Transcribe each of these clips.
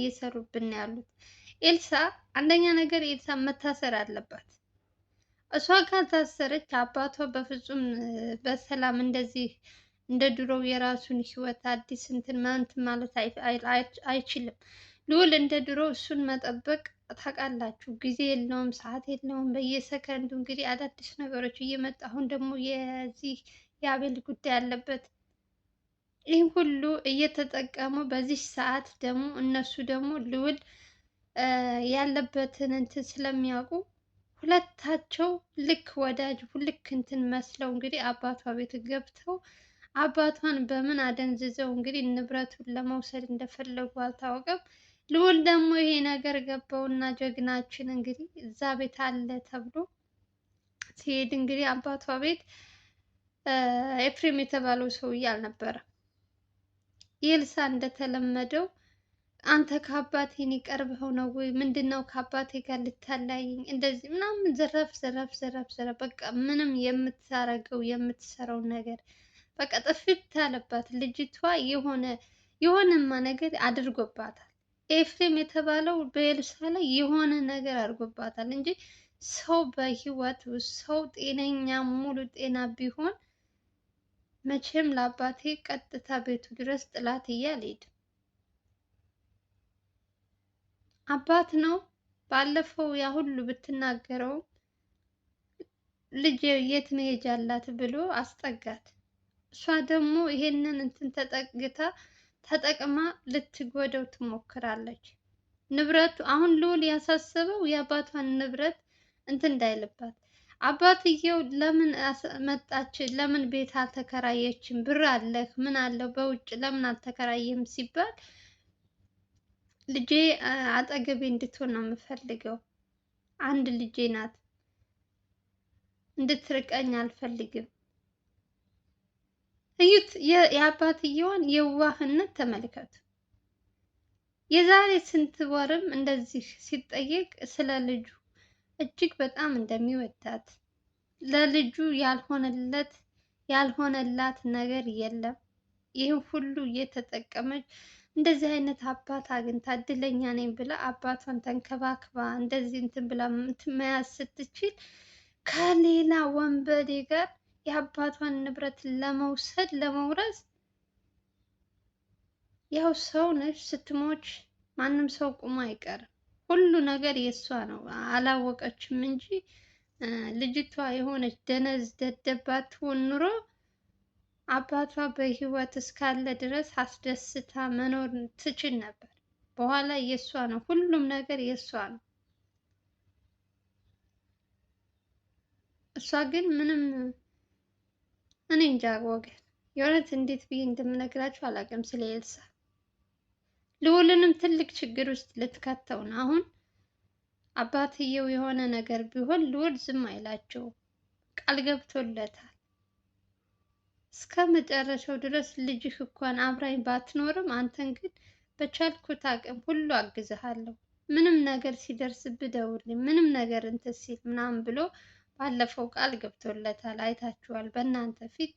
እየሰሩብን ያሉት። ኤልሳ አንደኛ ነገር ኤልሳ መታሰር አለባት። እሷ ካልታሰረች አባቷ በፍጹም በሰላም እንደዚህ እንደ ድሮው የራሱን ህይወት አዲስ እንትን ማንት ማለት አይችልም። ልዑል እንደ ድሮ እሱን መጠበቅ ታውቃላችሁ፣ ጊዜ የለውም፣ ሰዓት የለውም። በየሰከንዱ እንግዲህ አዳዲስ ነገሮች እየመጣ አሁን ደግሞ የዚህ የአቤል ጉዳይ አለበት። ይህ ሁሉ እየተጠቀሙ በዚህ ሰዓት ደግሞ እነሱ ደግሞ ልዑል ያለበትን እንትን ስለሚያውቁ ሁለታቸው ልክ ወዳጅ ልክ እንትን መስለው እንግዲህ አባቷ ቤት ገብተው አባቷን በምን አደንዝዘው እንግዲህ ንብረቱን ለመውሰድ እንደፈለጉ አልታወቀም። ልዑል ደግሞ ይሄ ነገር ገባውና ጀግናችን እንግዲህ እዛ ቤት አለ ተብሎ ሲሄድ እንግዲህ አባቷ ቤት ኤፍሬም የተባለው ሰውዬ አልነበረም። ኤልሳ እንደተለመደው አንተ ከአባቴን እኔ ነው ወይ? ምንድን ነው ከአባቴ ጋር ልታለያየኝ? እንደዚህ ምናምን ዘረፍ ዘረፍ ዘረፍ ዘረፍ በቃ ምንም የምታረገው የምትሰራው ነገር በቃ ጥፊት አለባት ልጅቷ። የሆነ የሆነማ ነገር አድርጎባታል። ኤፍሬም የተባለው በኤልሳ ላይ የሆነ ነገር አድርጎባታል እንጂ ሰው በህይወት ሰው ጤነኛ ሙሉ ጤና ቢሆን መቼም ለአባቴ ቀጥታ ቤቱ ድረስ ጥላት እያልሄድ አባት ነው። ባለፈው ያ ሁሉ ብትናገረው ልጄ የት መሄጃ ብሎ አስጠጋት። እሷ ደግሞ ይሄንን እንትን ተጠግታ ተጠቅማ ልትጎደው ትሞክራለች። ንብረቱ አሁን ልዑል ያሳሰበው የአባቷን ንብረት እንትን እንዳይልባት አባትየው ለምን መጣች፣ ለምን ቤት አልተከራየችም፣ ብር አለህ፣ ምን አለው፣ በውጭ ለምን አልተከራየም ሲባል ልጄ አጠገቤ እንድትሆን ነው የምፈልገው። አንድ ልጄ ናት፣ እንድትርቀኝ አልፈልግም። እዩት፣ የአባትየዋን የዋህነት ተመልከቱ። የዛሬ ስንት ወርም እንደዚህ ሲጠየቅ ስለ ልጁ እጅግ በጣም እንደሚወዳት ለልጁ ያልሆነለት ያልሆነላት ነገር የለም። ይህም ሁሉ እየተጠቀመች እንደዚህ አይነት አባት አግኝታ እድለኛ ነኝ ብላ አባቷን ተንከባክባ እንደዚህ እንትን ብላ መያዝ ስትችል ከሌላ ወንበዴ ጋር የአባቷን ንብረት ለመውሰድ ለመውረስ ያው ሰው ነች ስትሞች ማንም ሰው ቁሞ አይቀርም። ሁሉ ነገር የእሷ ነው። አላወቀችም እንጂ ልጅቷ የሆነች ደነዝ ደደባት ሆን ኑሮ አባቷ በህይወት እስካለ ድረስ አስደስታ መኖር ትችል ነበር። በኋላ የእሷ ነው፣ ሁሉም ነገር የእሷ ነው። እሷ ግን ምንም እኔ እንጃ ወገን፣ የእውነት እንዴት ብዬ እንደምነግራችሁ አላውቅም ስለ ኤልሳ ልዑልንም ትልቅ ችግር ውስጥ ልትከተው ነው። አሁን አባትየው የሆነ ነገር ቢሆን ልዑል ዝም አይላቸውም፣ ቃል ገብቶለታል። እስከ መጨረሻው ድረስ ልጅህ እንኳን አብራኝ ባትኖርም አንተን ግን በቻልኩት አቅም ሁሉ አግዝሃለሁ። ምንም ነገር ሲደርስብህ ደውልኝ፣ ምንም ነገር እንትን ሲል ምናምን ብሎ ባለፈው ቃል ገብቶለታል። አይታችኋል በእናንተ ፊት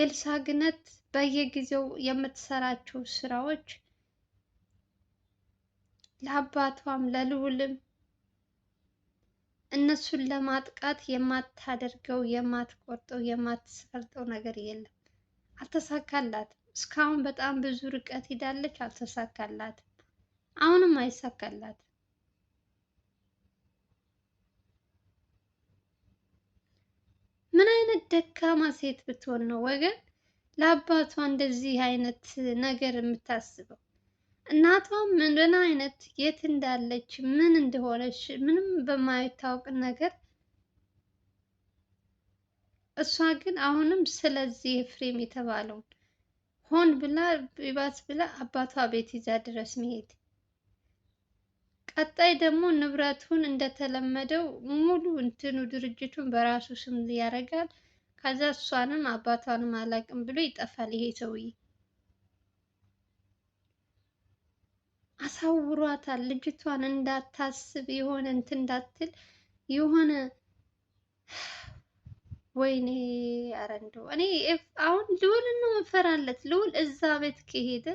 ኤልሳ ግነት በየጊዜው የምትሰራቸው ስራዎች ለአባቷም ለልዑልም እነሱን ለማጥቃት የማታደርገው የማትቆርጠው የማትሰርጠው ነገር የለም። አልተሳካላትም። እስካሁን በጣም ብዙ ርቀት ሄዳለች፣ አልተሳካላትም። አሁንም አይሳካላትም። ደካማ ሴት ብትሆን ነው ወገን ለአባቷ እንደዚህ አይነት ነገር የምታስበው። እናቷ ምን አይነት የት እንዳለች ምን እንደሆነች ምንም በማይታወቅ ነገር እሷ ግን አሁንም ስለዚህ ኤፍሬም የተባለው ሆን ብላ ቢባስ ብላ አባቷ ቤት ይዛ ድረስ መሄድ። ቀጣይ ደግሞ ንብረቱን እንደተለመደው ሙሉ እንትኑ ድርጅቱን በራሱ ስም ያደርጋል። ከዛ እሷንም አባቷንም አላውቅም ብሎ ይጠፋል ይሄ ሰውዬ። አሳውሯታል ልጅቷን እንዳታስብ የሆነ እንትን እንዳትል የሆነ ወይኔ ኧረ እንደው እኔ አሁን ልውልን ነው የምፈራለት። ልውል እዛ ቤት ከሄደ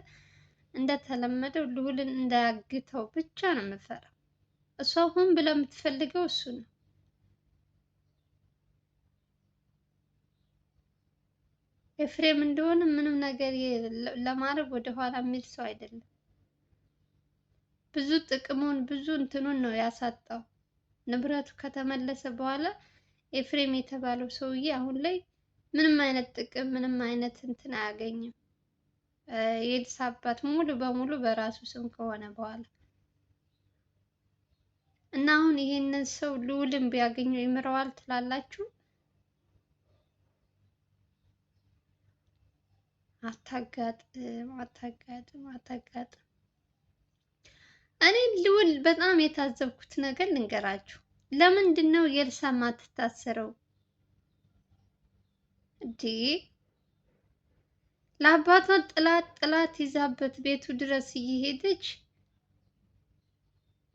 እንደተለመደው ልውልን እንዳያግተው ብቻ ነው የምፈራው። እሷ ሁን ብላ የምትፈልገው እሱ ነው። ኤፍሬም እንደሆነ ምንም ነገር ለማድረግ ወደኋላ የሚል ሰው አይደለም። ብዙ ጥቅሙን ብዙ እንትኑን ነው ያሳጣው። ንብረቱ ከተመለሰ በኋላ ኤፍሬም የተባለው ሰውዬ አሁን ላይ ምንም አይነት ጥቅም ምንም አይነት እንትን አያገኝም። የኤልሳ አባት ሙሉ በሙሉ በራሱ ስም ከሆነ በኋላ እና አሁን ይሄንን ሰው ልዑልም ቢያገኘው ይምረዋል ትላላችሁ? አታጋጥም አታጋጥም አታጋጥም። እኔ ልውል በጣም የታዘብኩት ነገር ልንገራችሁ። ለምንድን ነው የልሳ ማትታሰረው? ለአባቷ ጥላት ጥላት ይዛበት ቤቱ ድረስ እየሄደች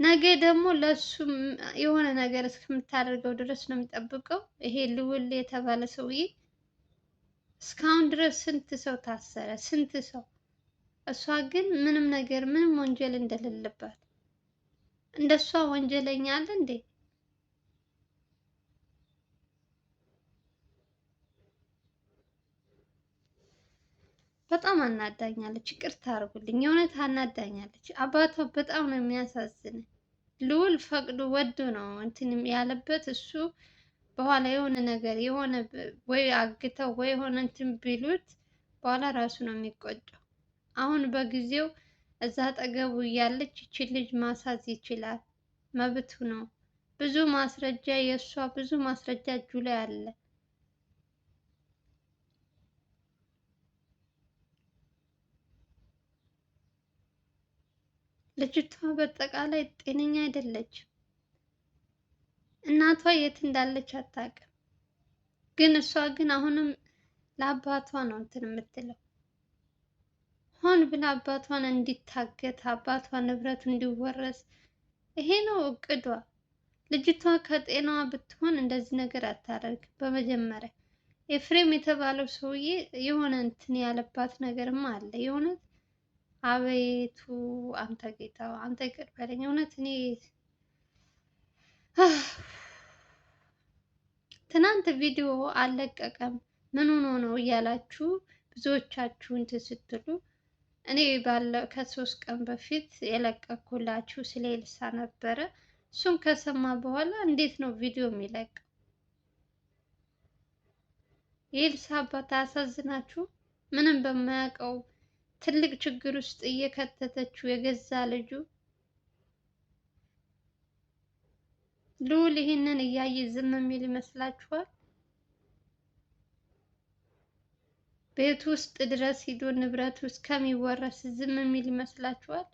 ነገ ደግሞ ለሱ የሆነ ነገር እስከምታደርገው ድረስ ነው የሚጠብቀው። ይሄ ልውል የተባለ ሰውዬ እስካሁን ድረስ ስንት ሰው ታሰረ? ስንት ሰው እሷ ግን ምንም ነገር ምንም ወንጀል እንደሌለባት እንደሷ ወንጀለኛ አለ እንዴ? በጣም አናዳኛለች። ይቅርታ አርጉልኝ የእውነት አናዳኛለች። አባቷ በጣም ነው የሚያሳዝን። ልዑል ፈቅዶ ወዶ ነው እንትን ያለበት እሱ በኋላ የሆነ ነገር የሆነ ወይ አግተው ወይ የሆነ እንትን ቢሉት በኋላ ራሱ ነው የሚቆጨው። አሁን በጊዜው እዛ አጠገቡ እያለች ይቺ ልጅ ማሳዝ ይችላል፣ መብቱ ነው። ብዙ ማስረጃ የእሷ ብዙ ማስረጃ እጁ ላይ አለ። ልጅቷ በአጠቃላይ ጤነኛ አይደለችም። እናቷ የት እንዳለች አታውቅም። ግን እሷ ግን አሁንም ለአባቷ ነው እንትን የምትለው ሆን ብላ አባቷን እንዲታገት አባቷ ንብረቱ እንዲወረስ ይሄ ነው እቅዷ። ልጅቷ ከጤናዋ ብትሆን እንደዚህ ነገር አታደርግም። በመጀመሪያ ኤፍሬም የተባለው ሰውዬ የሆነ እንትን ያለባት ነገርም አለ። የእውነት አቤቱ አንተ ጌታ አንተ ይቅር በለኝ እውነት እኔ ትናንት ቪዲዮ አልለቀቀም ምን ሆኖ ነው እያላችሁ ብዙዎቻችሁ እንትን ስትሉ እኔ ባለ ከሶስት ቀን በፊት የለቀኩላችሁ ስለ ኤልሳ ነበረ። እሱን ከሰማ በኋላ እንዴት ነው ቪዲዮ የሚለቀው? የኤልሳ አባት አያሳዝናችሁ? ምንም በማያውቀው ትልቅ ችግር ውስጥ እየከተተችው የገዛ ልጁ ልዑል ይህንን እያየ ዝም የሚል ይመስላችኋል? ቤት ውስጥ ድረስ ሂዶ ንብረት ውስጥ ከሚወረስ ዝም የሚል ይመስላችኋል?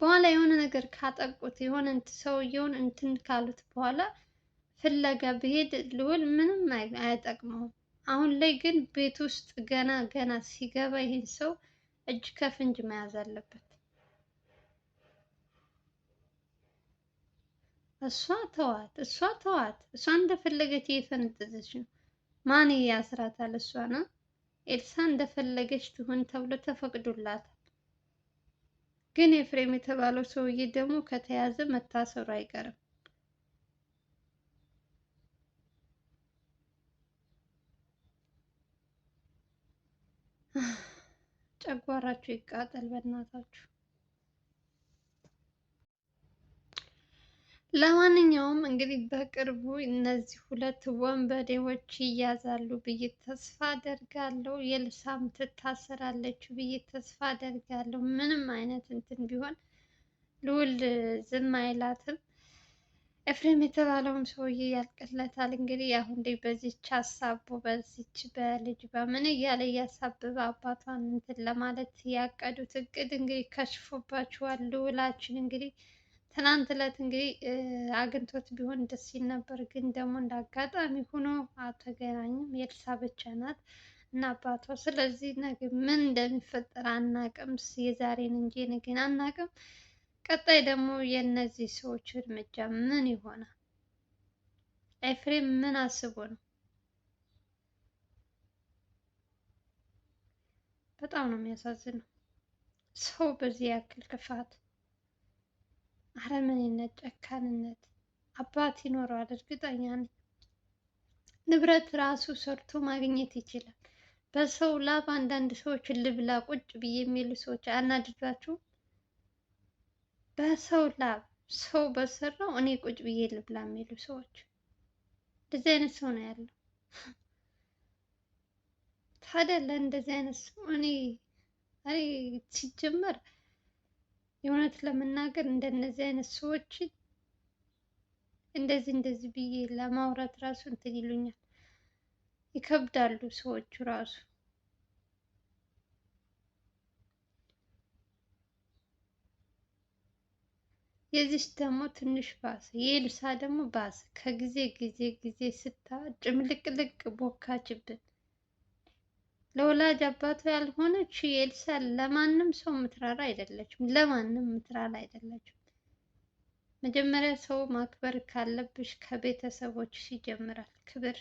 በኋላ የሆነ ነገር ካጠቁት የሆነ ሰውየውን እንትን ካሉት በኋላ ፍለጋ ብሄድ ልዑል ምንም አይጠቅመውም አሁን ላይ ግን ቤት ውስጥ ገና ገና ሲገባ ይህን ሰው እጅ ከፍንጅ መያዝ አለበት። እሷ ተዋት፣ እሷ ተዋት፣ እሷ እንደፈለገች እየፈነጠዘች ነው። ማን ያስራታል? እሷ ነው። ኤልሳ እንደፈለገች ትሆን ተብሎ ተፈቅዶላታል። ግን ኤፍሬም የተባለው ሰውዬ ደግሞ ከተያዘ መታሰሩ አይቀርም። ጨጓራችሁ ይቃጠል በእናታችሁ። ለማንኛውም እንግዲህ በቅርቡ እነዚህ ሁለት ወንበዴዎች ይያዛሉ ብዬ ተስፋ አደርጋለሁ። የልሳም ትታሰራለች ብዬ ተስፋ አደርጋለሁ። ምንም አይነት እንትን ቢሆን ልውል ዝም አይላትም። ኤፍሬም የተባለውም ሰውዬ ያልቅለታል። እንግዲህ አሁን ላይ በዚች አሳቦ በዚች በልጅ በምን እያለ እያሳበበ አባቷን እንትን ለማለት ያቀዱት እቅድ እንግዲህ ከሽፎባችኋል። ልውላችን እንግዲህ ትናንት ዕለት እንግዲህ አግኝቶት ቢሆን ደስ ይል ነበር፣ ግን ደግሞ እንደ አጋጣሚ ሆኖ አልተገናኙም። የልሳ ብቻ ናት እና አባቷ። ስለዚህ ነገ ምን እንደሚፈጠር አናቅም። የዛሬን እንጂ ነገን አናቅም። ቀጣይ ደግሞ የእነዚህ ሰዎች እርምጃ ምን ይሆናል? ኤፍሬም ምን አስቦ ነው? በጣም ነው የሚያሳዝነው ሰው በዚህ ያክል ክፋት አረመኔነት፣ ጨካንነት አባት ይኖረዋል እርግጠኛ ነኝ። ንብረት ራሱ ሰርቶ ማግኘት ይችላል። በሰው ላብ አንዳንድ ሰዎች ልብላ ቁጭ ብዬ የሚሉ ሰዎች አናድዷቸውም። በሰው ላብ ሰው በሰራው እኔ ቁጭ ብዬ ልብላ የሚሉ ሰዎች እንደዚህ አይነት ሰው ነው ያለው። ታዲያ ለእንደዚህ አይነት ሰው እኔ ሲጀመር የእውነት ለመናገር እንደነዚህ አይነት ሰዎች እንደዚህ እንደዚህ ብዬ ለማውራት ራሱ እንትን ይሉኛል፣ ይከብዳሉ ሰዎቹ ራሱ። የዚች ደግሞ ትንሽ ባሰ፣ የኤልሳ ደግሞ ባሰ። ከጊዜ ጊዜ ጊዜ ስታ ጭምልቅልቅ ቦካችብን። ለወላጅ አባቷ ያልሆነች ኤልሳ ለማንም ሰው ምትራራ አይደለችም። ለማንም ምትራራ አይደለችም። መጀመሪያ ሰው ማክበር ካለብሽ ከቤተሰቦችሽ ይጀምራል ክብር።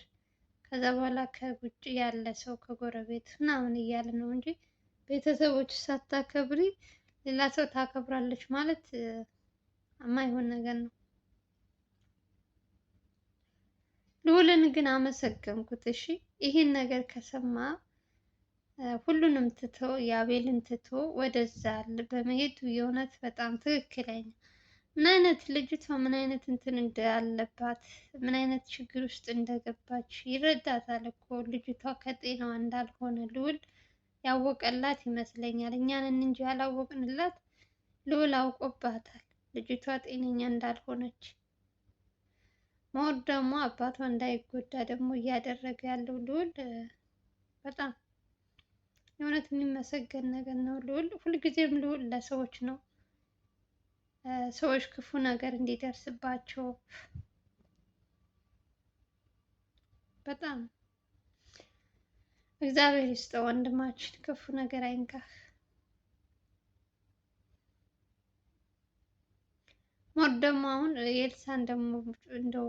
ከዛ በኋላ ከውጭ ያለ ሰው ከጎረቤት ምናምን እያለ ነው እንጂ ቤተሰቦች ሳታከብሪ ሌላ ሰው ታከብራለች ማለት የማይሆን ነገር ነው። ልዑልን ግን አመሰገንኩት። እሺ ይህን ነገር ከሰማ ሁሉንም ትቶ የአቤልን ትቶ ወደዛ በመሄዱ የእውነት በጣም ትክክለኛ ምን አይነት ልጅቷ ምን አይነት እንትን እንዳለባት ምን አይነት ችግር ውስጥ እንደገባች ይረዳታል እኮ ልጅቷ ከጤናዋ እንዳልሆነ ልዑል ያወቀላት ይመስለኛል። እኛንን እንጂ ያላወቅንላት ልዑል አውቆባታል ልጅቷ ጤነኛ እንዳልሆነች። መውድ ደግሞ አባቷ እንዳይጎዳ ደግሞ እያደረገ ያለው ልዑል በጣም የእውነት የሚመሰገን ነገር ነው። ልዑል ሁልጊዜም ልዑል ለሰዎች ነው። ሰዎች ክፉ ነገር እንዲደርስባቸው በጣም እግዚአብሔር ይስጠው። ወንድማችን ክፉ ነገር አይንካህ። ሞት ደግሞ አሁን የኤልሳን ደግሞ እንደው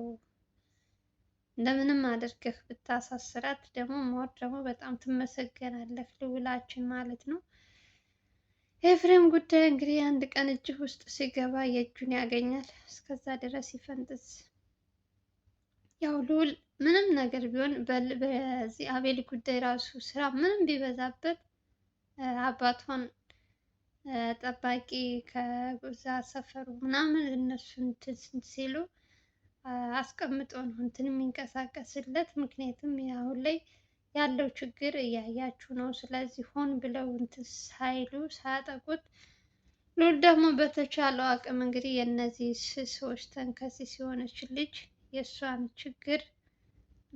እንደምንም አድርገህ ብታሳስራት ደግሞ ሞር ደግሞ በጣም ትመሰገናለህ ልውላችን ማለት ነው። ኤፍሬም ጉዳይ እንግዲህ አንድ ቀን እጅህ ውስጥ ሲገባ የእጁን ያገኛል። እስከዛ ድረስ ይፈንጥዝ። ያው ልውል ምንም ነገር ቢሆን በዚህ አቤል ጉዳይ ራሱ ስራ ምንም ቢበዛበት አባቷን ጠባቂ ከዛ ሰፈሩ ምናምን እነሱ እንትን ሲሉ አስቀምጦ ነው እንትን የሚንቀሳቀስለት። ምክንያቱም አሁን ላይ ያለው ችግር እያያችሁ ነው። ስለዚህ ሆን ብለው እንትን ሳይሉ ሳያጠቁት ሉል ደግሞ በተቻለው አቅም እንግዲህ የእነዚህ ሰዎች ተንከሲስ የሆነች ልጅ የእሷን ችግር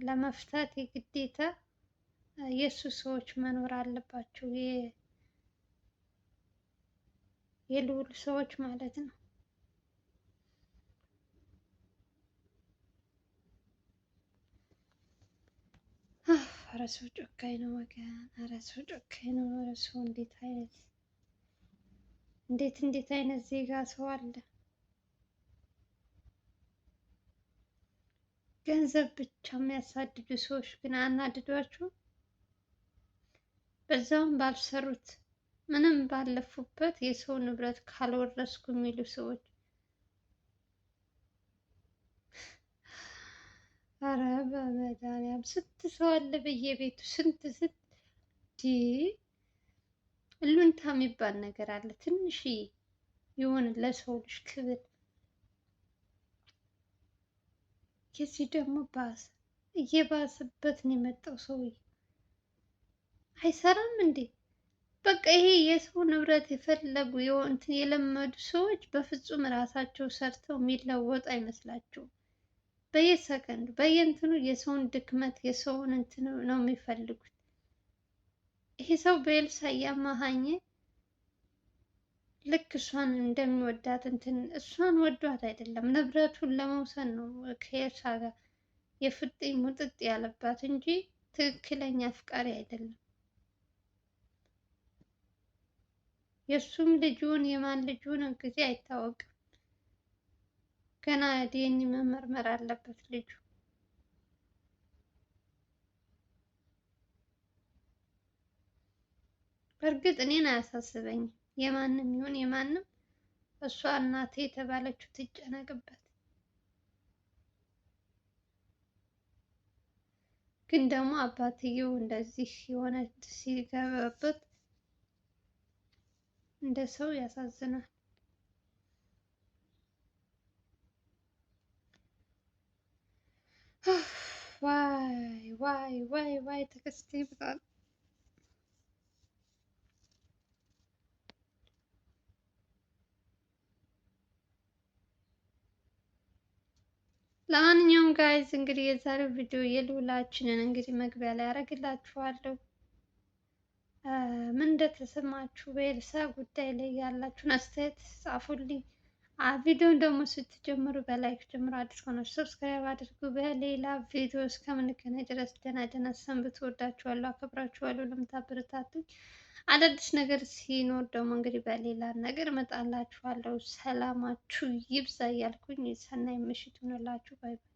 ለመፍታት የግዴታ የእሱ ሰዎች መኖር አለባቸው። የልዑል ሰዎች ማለት ነው። ኧረ ሰው ጨካኝ ነው ወገን! ኧረ ሰው ጨካኝ ነው! ሰው እንዴት አይነት እንዴት እንዴት አይነት ዜጋ ሰው አለ! ገንዘብ ብቻ የሚያሳድዱ ሰዎች ግን አናድዷችሁ? በዛውም ባልሰሩት ምንም ባለፉበት የሰው ንብረት ካልወረስኩ የሚሉ ሰዎች አረ በመድኃኒዓለም ስንት ሰው አለ በየቤቱ ስንት ስንት እሉንታ የሚባል ነገር አለ። ትንሽዬ የሆነ ለሰው ልጅ ክብር የዚህ ደግሞ ባሰ፣ እየባሰበት ነው የመጣው ሰውዬ። አይሰራም እንዴ? በቃ ይሄ የሰው ንብረት የፈለጉ የለመዱ ሰዎች በፍጹም ራሳቸው ሰርተው የሚለወጡ አይመስላቸውም። በየሰከንዱ በየእንትኑ የሰውን ድክመት የሰውን እንትን ነው የሚፈልጉት። ይሄ ሰው በኤልሳ እያመሀኘ ልክ እሷን እንደሚወዳት እንትን እሷን ወዷት አይደለም፣ ንብረቱን ለመውሰድ ነው ከኤልሳ ጋር የፍጥኝ ሙጥጥ ያለባት እንጂ ትክክለኛ አፍቃሪ አይደለም። የእሱም ልጅውን የማን ልጅውን ጊዜ አይታወቅም። ገና ዲኤንኤ መመርመር አለበት ልጁ። በእርግጥ እኔን አያሳስበኝም የማንም ይሁን የማንም፣ እሷ እናቴ የተባለችው ትጨነቅበት። ግን ደግሞ አባትየው እንደዚህ የሆነ ሲገባበት እንደ ሰው ያሳዝናል። ዋይ ዋይ ዋይ ተከስቴ ብሏል። ለማንኛውም ጋይዝ እንግዲህ የዛሬው ቪዲዮ የልዑላችንን እንግዲህ መግቢያ ላይ ያደርግላችኋለሁ። ምን እንደተሰማችሁ በኤልሳ ጉዳይ ላይ ያላችሁን አስተያየት ጻፉልኝ። ቪዲዮን ደግሞ ስትጀምሩ በላይክ ጀምሮ አዲስ ነው ሰብስክራይብ አድርጉ። በሌላ ቪዲዮ እስከምንገናኝ ድረስ ደህና ደህና ሰንብት። ወዳችኋለሁ፣ አከብራችኋለሁ። ለምታበረታቱኝ አዳዲስ ነገር ሲኖር ደግሞ እንግዲህ በሌላ ነገር እመጣላችኋለሁ። ሰላማችሁ ይብዛ እያልኩኝ ሰናይ ምሽት ይሁንላችሁ። ባይ ባይ።